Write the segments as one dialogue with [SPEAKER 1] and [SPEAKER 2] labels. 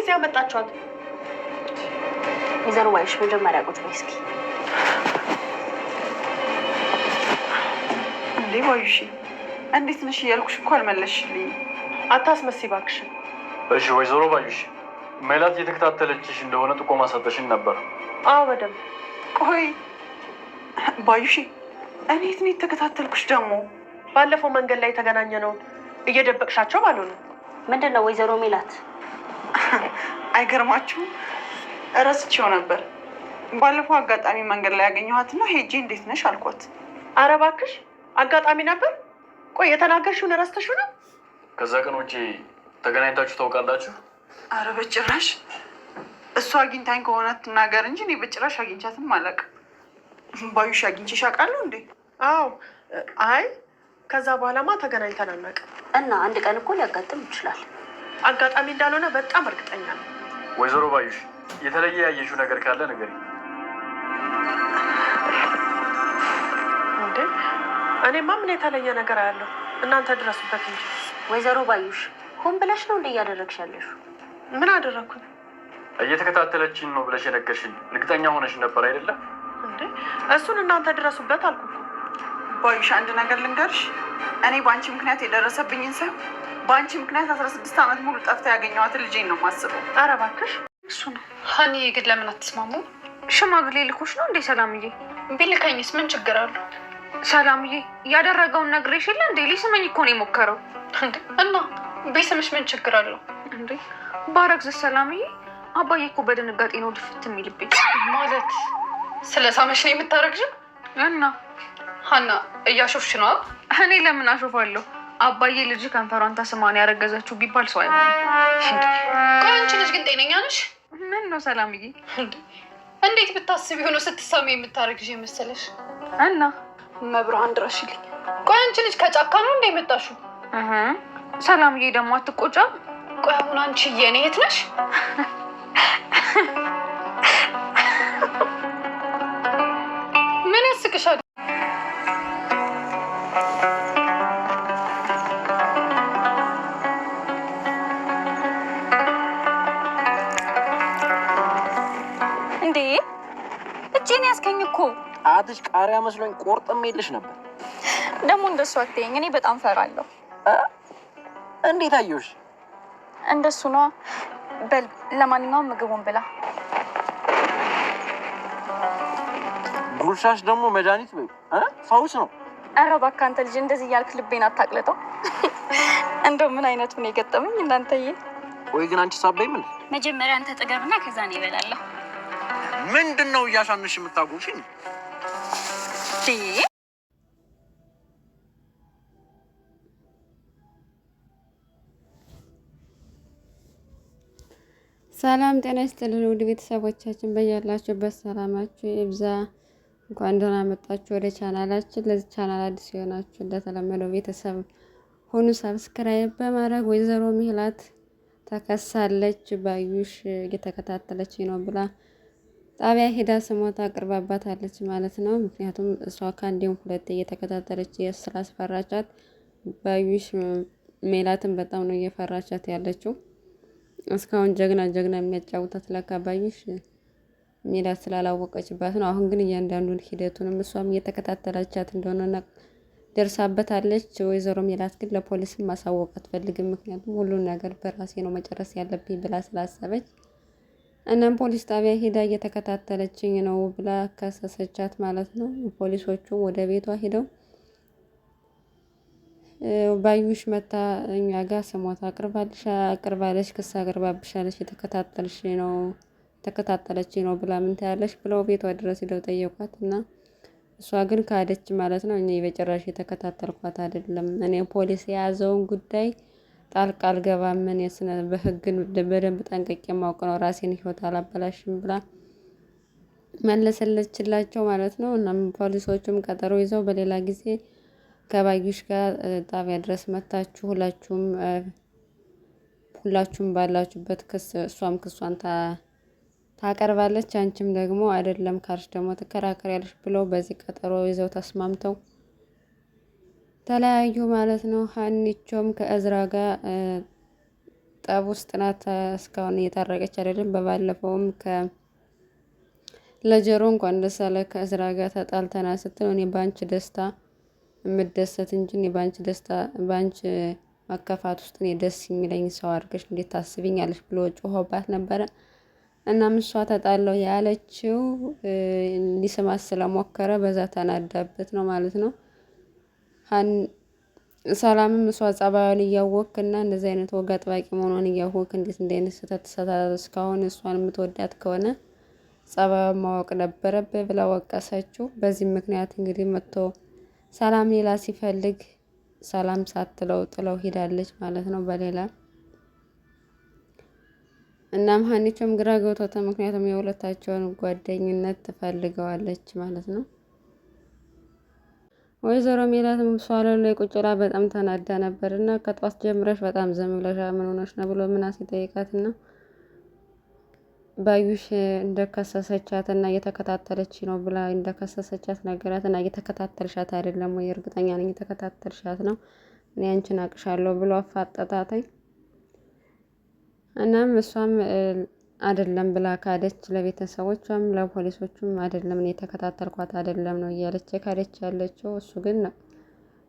[SPEAKER 1] እዚህ ያመጣችኋት?
[SPEAKER 2] ወይዘሮ ባዩሽ መጀመሪያ ቁጭ በይ እስኪ።
[SPEAKER 1] እንዴ ባዩሽ፣ እንዴት ነሽ እያልኩሽ እኮ አልመለስሽልኝም። አታስመሲ እባክሽ።
[SPEAKER 3] እሺ ወይዘሮ ባዩሽ፣ ሜላት እየተከታተለችሽ እንደሆነ ጥቆማ ሰጠሽኝ ነበር?
[SPEAKER 2] አዎ በደምብ።
[SPEAKER 1] ቆይ ባዩሽ፣ እኔ የት ነው የተከታተልኩሽ ደግሞ? ባለፈው መንገድ ላይ የተገናኘ ነው እየደበቅሻቸው ባልሆነ
[SPEAKER 2] ምንድን ነው ወይዘሮ ሜላት
[SPEAKER 1] አይገርማችሁ እረስቼው ነበር። ባለፈው አጋጣሚ መንገድ ላይ ያገኘኋትና ሄጄ እንዴት ነሽ አልኳት። አረ እባክሽ አጋጣሚ ነበር። ቆይ የተናገርሽውን እረስተሽው ነው?
[SPEAKER 3] ከዛ ቀን ውጪ ተገናኝታችሁ ታውቃላችሁ?
[SPEAKER 1] አረ በጭራሽ። እሱ አግኝታኝ ከሆነ ትናገር እንጂ እኔ በጭራሽ አግኝቻትም አላውቅም። ባዩሽ አግኝቼሽ አውቃለሁ እንዴ? አዎ። አይ ከዛ በኋላማ ተገናኝተን አናውቅም።
[SPEAKER 2] እና አንድ ቀን እኮ ሊያጋጥም ይችላል።
[SPEAKER 1] አጋጣሚ እንዳልሆነ በጣም እርግጠኛ ነው።
[SPEAKER 3] ወይዘሮ ባዩሽ የተለየ ያየሽው ነገር ካለ ንገሪኝ።
[SPEAKER 1] እንዴ እኔማ ምን የተለየ ነገር አያለሁ? እናንተ ድረሱበት እንጂ።
[SPEAKER 2] ወይዘሮ ባዩሽ ሆን ብለሽ ነው እንደ እያደረግሽ ያለሽ?
[SPEAKER 1] ምን አደረግኩኝ?
[SPEAKER 3] እየተከታተለችን ነው ብለሽ የነገርሽኝ እርግጠኛ ሆነሽ ነበር አይደለም?
[SPEAKER 1] እንዴ እሱን እናንተ ድረሱበት አልኩ። ባዩሽ አንድ ነገር ልንገርሽ፣ እኔ በአንቺ ምክንያት የደረሰብኝን ሰው በአንቺ ምክንያት አስራ ስድስት ዓመት ሙሉ ጠፍታ ያገኘዋትን ልጄን ነው የማስበው። ኧረ እባክሽ እሱ ነው ሀኒ። ግን ለምን አትስማሙ? ሽማግሌ ልኮች ነው እንዴ ሰላምዬ? ቢልከኝስ ምን ችግር አለው? ሰላምዬ ያደረገውን ነግሬሽ የለ እንዴ? ሊስመኝ እኮ ነው የሞከረው። እና ቤስምሽ ምን ችግር አለው እንዴ? ባረግዘሽ ሰላምዬ። አባዬ እኮ በድንጋጤ ነው ድፍት የሚልብኝ። ማለት ስለ ሳመሽ ነው የምታረግዥ? እና ሀና እያሾፍሽ ነው። እኔ ለምን አሾፋለሁ? አባዬ ልጅ ከንፈሯን ተስማን ያረገዘችው ቢባል ሰው አይሆ። ቆይ አንቺ ልጅ ግን ጤነኛ ነሽ? ምን ነው ሰላምዬ፣ እንዴት ብታስብ የሆነ ስትሰሚ የምታረግዥ የመሰለሽ? እና መብርሃን ድረሽልኝ። ቆይ አንቺ ልጅ ከጫካ ነው እንደ የመጣሽው? ሰላምዬ ደግሞ አትቆጫም? ቆይ አሁን አንቺ የኔ የት ነሽ?
[SPEAKER 4] ፊትሽ ቃሪያ መስሎኝ ቆርጥም የልሽ ነበር።
[SPEAKER 5] ደግሞ እንደሱ አትይኝ፣ እኔ በጣም ፈራለሁ። እንዴት አየሁሽ? እንደሱ ነዋ። በል ለማንኛውም ምግቡን ብላ።
[SPEAKER 4] ጉርሻሽ ደግሞ መድኃኒት በይው፣ ፈውስ ነው።
[SPEAKER 5] ኧረ እባክህ አንተ ልጅ እንደዚህ እያልክ ልቤን አታቅልጠው። እንደው ምን አይነቱ ነው የገጠመኝ እናንተዬ።
[SPEAKER 4] ወይ ግን አንቺ ሳበይ ምን
[SPEAKER 5] መጀመሪያ አንተ ጥገብና ከዛ ነው ይበላለሁ።
[SPEAKER 4] ምንድን ነው እያሻንሽ የምታጉሽ?
[SPEAKER 6] ሰላም ጤና ይስጥልን ውድ ቤተሰቦቻችን፣ በያላችሁበት ሰላማችሁ ይብዛ። እንኳን ደህና መጣችሁ ወደ ቻናላችን። ለዚህ ቻናል አዲስ የሆናችሁ እንደተለመደው ቤተሰብ ሆኑ ሰብስክራይብ በማድረግ ወይዘሮ ምህላት ተከሳለች ባዩሽ እየተከታተለች ነው ብላ ጣቢያ ሄዳ ስሞታ አቅርባባታለች ማለት ነው። ምክንያቱም እሷ ከአንዴም ሁለት እየተከታተለች ስላስፈራቻት ባዩሽ ሜላትን በጣም ነው እየፈራቻት ያለችው። እስካሁን ጀግና ጀግና የሚያጫውታት ለካ ባዩሽ ሜላት ስላላወቀችባት ነው። አሁን ግን እያንዳንዱን ሂደቱንም እሷም እየተከታተለቻት እንደሆነ ደርሳበታለች። ወይዘሮ ሜላት ግን ለፖሊስም ማሳወቅ አትፈልግም። ምክንያቱም ሁሉን ነገር በራሴ ነው መጨረስ ያለብኝ ብላ ስላሰበች እናም ፖሊስ ጣቢያ ሄዳ እየተከታተለችኝ ነው ብላ ከሰሰቻት ማለት ነው። ፖሊሶቹ ወደ ቤቷ ሄደው ባዩሽ መታ እኛ ጋር ስሞት አቅርባልሽ አቅርባለች፣ ክስ አቅርባብሻለች፣ የተከታተልሽ ነው ተከታተለች ነው ብላ ምን ታያለሽ ብለው ቤቷ ድረስ ሄደው ጠየቋት እና እሷ ግን ካደች ማለት ነው። እኔ በጭራሽ የተከታተልኳት አይደለም እኔ ፖሊስ የያዘውን ጉዳይ ጣልቃ አልገባምን እኔ ስነ በህግን በደንብ ጠንቅቄ የማውቅ ነው ራሴን ህይወት አላበላሽም ብላ መለሰለችላቸው ማለት ነው። እናም ፖሊሶቹም ቀጠሮ ይዘው በሌላ ጊዜ ከባጊሽ ጋር ጣቢያ ድረስ መታችሁ ሁላችሁም ሁላችሁም ባላችሁበት ክስ እሷም ክሷን ታቀርባለች፣ አንቺም ደግሞ አይደለም ካልሽ ደግሞ ትከራከሪያለሽ ብለው በዚህ ቀጠሮ ይዘው ተስማምተው ተለያዩ ማለት ነው። ሀኒቾም ከእዝራ ጋር ጠብ ውስጥ ናት። እስካሁን እየታረቀች አይደለም። በባለፈውም ከ ለጀሮ እንኳን ደስ አለ ከእዝራ ጋር ተጣልተና ስትል እኔ በአንቺ ደስታ የምደሰት እንጂ እኔ በአንቺ ደስታ በአንቺ መከፋት ውስጥ እኔ ደስ የሚለኝ ሰው አድርገሽ እንዴት ታስቢኛለሽ ብሎ ጮሆባት ነበረ። እናም እሷ ተጣለው ያለችው እንዲስማት ስለሞከረ በዛ ተናዳበት ነው ማለት ነው። ሰላምም እሷ ጸባዩን እያወቅክ እና እንደዚህ አይነት ወግ አጥባቂ መሆኗን እያወቅክ እንዴት እንደ አይነት ስህተት ትሰራለች? እስካሁን እሷን የምትወዳት ከሆነ ጸባዩን ማወቅ ነበረብህ ብላ ወቀሰችው። በዚህ ምክንያት እንግዲህ መጥቶ ሰላም ሌላ ሲፈልግ ሰላም ሳትለው ጥለው ሂዳለች ማለት ነው። በሌላ እናም ሀኒቾም ግራ ገብቶታል። ምክንያቱም የሁለታቸውን ጓደኝነት ትፈልገዋለች ማለት ነው። ወይዘሮ ሜላት ሳሎን ላይ ቁጭ ብላ በጣም ተናዳ ነበር እና ከጧት ጀምረሽ በጣም ዝም ብለሻ ምን ሆነሽ ነው ብሎ ምናሴ እና ባዩሽ እንደከሰሰቻት እና እየተከታተለች ነው ብላ እንደከሰሰቻት ነገራት እና እየተከታተልሻት አይደለም ወይ? እርግጠኛ ነኝ እየተከታተልሻት ነው፣ እኔ አንቺን አቅሻለሁ ብሎ አፋጠጣታኝ። እናም እሷም አይደለም ብላ ካደች። ለቤተሰቦቿም ለፖሊሶቹም አይደለም ነው የተከታተልኳት አይደለም ነው እያለች የካደች ያለችው። እሱ ግን ነው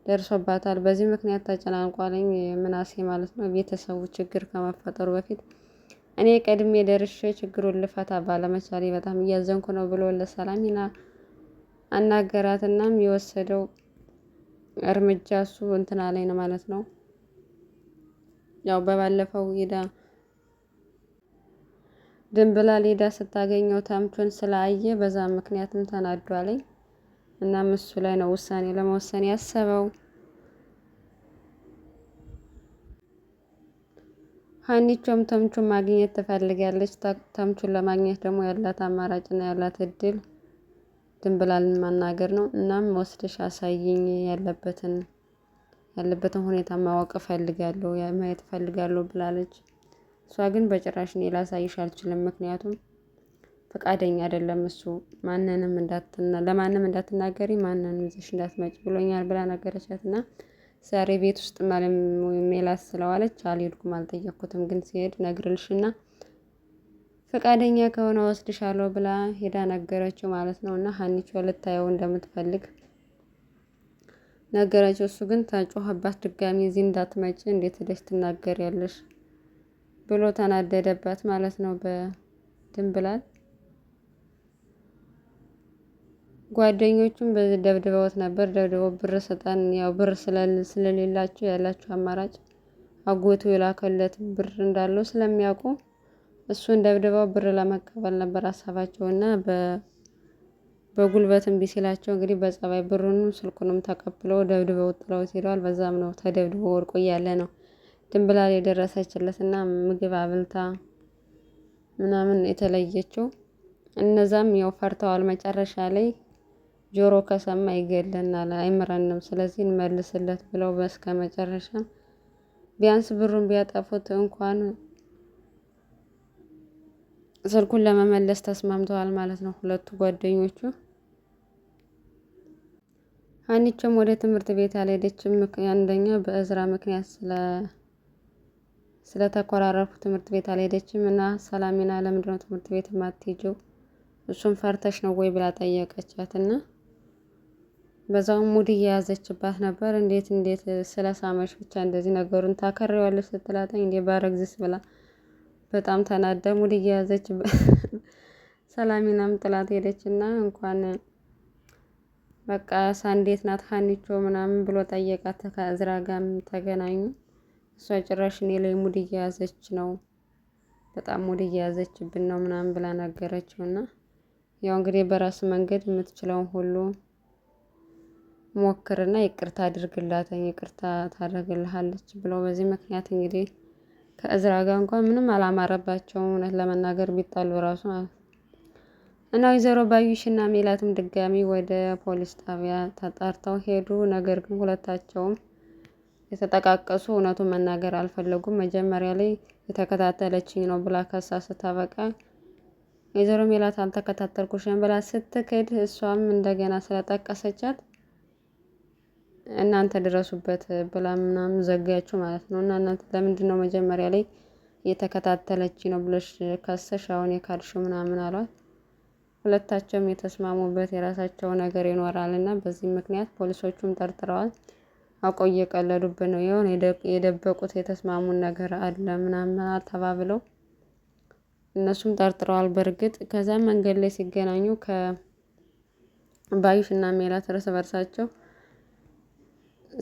[SPEAKER 6] ደርሶባታል። በዚህ ምክንያት ተጨናንቋለኝ ምናሴ ማለት ነው። ቤተሰቡ ችግር ከመፈጠሩ በፊት እኔ ቀድሜ ደርሼ ችግሩን ልፈታ ባለመቻሌ በጣም እያዘንኩ ነው ብሎ ለሰላሚና አናገራት። እናም የወሰደው እርምጃ እሱ እንትና ላይ ነው ማለት ነው ያው በባለፈው ሂዳ ድንብላ ሌዳ ስታገኘው ታምቹን ስላየ በዛ ምክንያትም ተናዷለኝ። እናም እሱ ላይ ነው ውሳኔ ለመወሰን ያሰበው። ሀኒቾም ተምቹን ማግኘት ትፈልጋለች። ተምቹን ለማግኘት ደግሞ ያላት አማራጭና ያላት እድል ድንብላልን ማናገር ነው። እናም ወስደሽ አሳይኝ፣ ያለበትን ያለበትን ሁኔታ ማወቅ እፈልጋለሁ፣ ማየት እፈልጋለሁ ብላለች። እሷ ግን በጭራሽ እኔ ላሳይሽ አልችልም፣ ምክንያቱም ፈቃደኛ አይደለም እሱ ማንንም ለማንም እንዳትናገሪ ማንንም ይዘሽ እንዳትመጭ ብሎኛል ብላ ነገረቻት እና ዛሬ ቤት ውስጥ ማለም ሜላት ስለዋለች አልሄድኩም፣ አልጠየኩትም። ግን ሲሄድ ነግርልሽና ፈቃደኛ ከሆነ ወስድሻለሁ ብላ ሄዳ ነገረችው ማለት ነው። እና ሀኒቾ ልታየው እንደምትፈልግ ነገረችው። እሱ ግን ተጮኸባት ድጋሚ እዚህ እንዳትመጭ እንዴት ሄደሽ ትናገሪያለሽ ብሎ ተናደደባት ማለት ነው በድንብላል። ጓደኞቹም ደብድበውት ነበር። ደብድበው ብር ስጠን፣ ያው ብር ስለሌላቸው ያላቸው አማራጭ አጎቱ የላከለት ብር እንዳለው ስለሚያውቁ እሱን ደብድበው ብር ለመቀበል ነበር ሀሳባቸው እና በጉልበት ቢሲላቸው ሲላቸው እንግዲህ በጸባይ ብሩንም ስልኩንም ተቀብለው ደብድበው ጥለውት ሄደዋል። በዛም ነው ተደብድቦ ወድቆ እያለ ነው ድንብላል የደረሰችለት እና ምግብ አብልታ ምናምን የተለየችው። እነዛም ያው ፈርተዋል። መጨረሻ ላይ ጆሮ ከሰማ ይገለናል፣ አይምረንም፣ ስለዚህ እንመልስለት ብለው በስከ መጨረሻ ቢያንስ ብሩን ቢያጠፉት እንኳን ስልኩን ለመመለስ ተስማምተዋል ማለት ነው ሁለቱ ጓደኞቹ። ሀኒቸም ወደ ትምህርት ቤት አልሄደችም። አንደኛ በእዝራ ምክንያት ስለ ስለተኮራረፉ ትምህርት ቤት አልሄደችም እና ሰላሚና ለምንድነው ትምህርት ቤት የማትሄጂው? እሱም ፈርተሽ ነው ወይ ብላ ጠየቀቻት እና በዛውም ሙድ እየያዘችባት ነበር። እንዴት እንዴት ስለ ስለሳመሽ ብቻ እንደዚህ ነገሩን ታከሬዋለች ስትላተኝ እንዴ ባረግዝስ ብላ በጣም ተናደ ሙድ እየያዘች ሰላሚናም ጥላት ሄደች እና እንኳን በቃ ሳንዴት ናት ሀኒቾ ምናምን ብሎ ጠየቃት። ከእዝራ ጋርም ተገናኙ። እሷ ጭራሽ እኔ ላይ ሙድ እየያዘች ነው፣ በጣም ሙድ እየያዘችብን ነው ምናምን ብላ ነገረችው እና ያው እንግዲህ በራስ መንገድ የምትችለውን ሁሉ ሞክርና ይቅርታ አድርግላተኝ ይቅርታ ታደርግልሃለች ብለው በዚህ ምክንያት እንግዲህ ከእዝራ ጋር እንኳን ምንም አላማረባቸውም እውነት ለመናገር ቢጣሉ ራሱ እና ወይዘሮ ባዩሽና ሜላትም ድጋሚ ወደ ፖሊስ ጣቢያ ተጣርተው ሄዱ። ነገር ግን ሁለታቸውም የተጠቃቀሱ እውነቱን መናገር አልፈለጉም። መጀመሪያ ላይ የተከታተለችኝ ነው ብላ ከሳ ስታበቃ ወይዘሮ ሜላት አልተከታተልኩሽም ብላ ስትክድ እሷም እንደገና ስለጠቀሰቻት እናንተ ድረሱበት ብላ ምናምን ዘጋችሁ ማለት ነው። እና እናንተ ለምንድን ነው መጀመሪያ ላይ እየተከታተለች ነው ብለሽ ከሰሽ አሁን የካድሽው ምናምን አሏት። ሁለታቸውም የተስማሙበት የራሳቸው ነገር ይኖራል እና በዚህ ምክንያት ፖሊሶቹም ጠርጥረዋል። አውቀው እየቀለዱብን ነው። የሆነ የደበቁት የተስማሙን ነገር አለ ምናምን ተባብለው እነሱም ጠርጥረዋል። በእርግጥ ከዛ መንገድ ላይ ሲገናኙ ከባዩሽ እና ሜላት እርስ በርሳቸው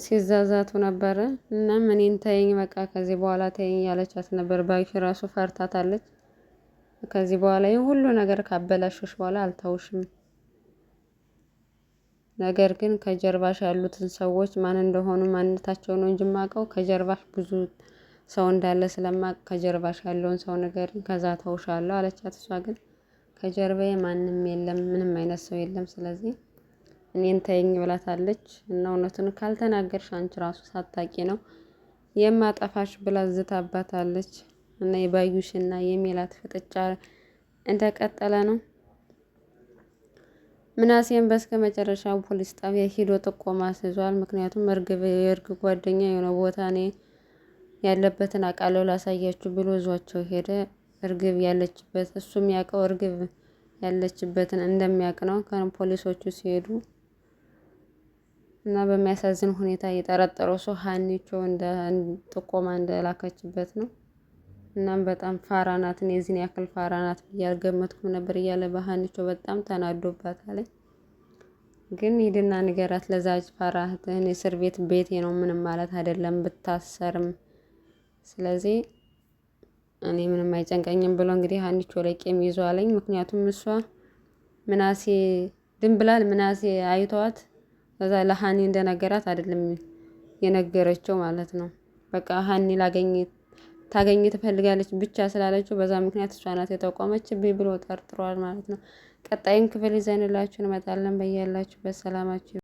[SPEAKER 6] ሲዛዛቱ ነበረ። እናም እኔን ተይኝ በቃ ከዚህ በኋላ ተይኝ ያለቻት ነበር። ባዩሽ ራሱ ፈርታታለች። ከዚህ በኋላ ይህ ሁሉ ነገር ካበላሾች በኋላ አልታውሽም ነገር ግን ከጀርባሽ ያሉትን ሰዎች ማን እንደሆኑ ማንነታቸው ነው እንጂ የማውቀው ከጀርባሽ ብዙ ሰው እንዳለ ስለማቅ ከጀርባሽ ያለውን ሰው ነገር ከዛ ተውሻለሁ አለቻት። እሷ ግን ከጀርባዬ ማንም የለም፣ ምንም አይነት ሰው የለም፣ ስለዚህ እኔን ተይኝ ብላታለች። እና እውነቱን ካልተናገርሽ አንቺ ራሱ ሳታቂ ነው የማጠፋሽ ብላ ዝታባታለች። እና የባዩሽ እና የሚላት ፍጥጫ እንደቀጠለ ነው። ምናሴም በስከ መጨረሻ ፖሊስ ጣቢያ ሂዶ ጥቆማ አስይዟል። ምክንያቱም እርግብ የእርግ ጓደኛ የሆነ ቦታ እኔ ያለበትን አቃለው ላሳያችሁ ብሎ እዟቸው ሄደ። እርግብ ያለችበት እሱም ያውቀው እርግብ ያለችበትን እንደሚያውቅ ነው። ከፖሊሶቹ ሲሄዱ እና በሚያሳዝን ሁኔታ የጠረጠረው ሰው ሀኒቾ ጥቆማ እንደላከችበት ነው። እናም በጣም ፋራ ናት። እኔ የዚህን ያክል ፋራናት ናት ብዬ አልገመትኩም ነበር እያለ በሀኒቾ በጣም ተናዶባታል። ግን ሂድና ንገራት ለዛች ፋራ እህትህን እስር ቤት ቤቴ ነው ምንም ማለት አይደለም ብታሰርም፣ ስለዚህ እኔ ምንም አይጨንቀኝም ብሎ እንግዲህ ሀኒቾ ለቄም ይዟለኝ። ምክንያቱም እሷ ምናሴ ድም ብላል ምናሴ አይተዋት ከዛ ለሀኒ እንደነገራት አይደለም የነገረችው ማለት ነው። በቃ ሀኒ ላገኘት ታገኝ ትፈልጋለች ብቻ ስላለችው በዛ ምክንያት እሷ ናት የተቋመችብኝ ብሎ ጠርጥሯል ማለት ነው። ቀጣይም ክፍል ይዘንላችሁ እንመጣለን። በያላችሁ በሰላማችሁ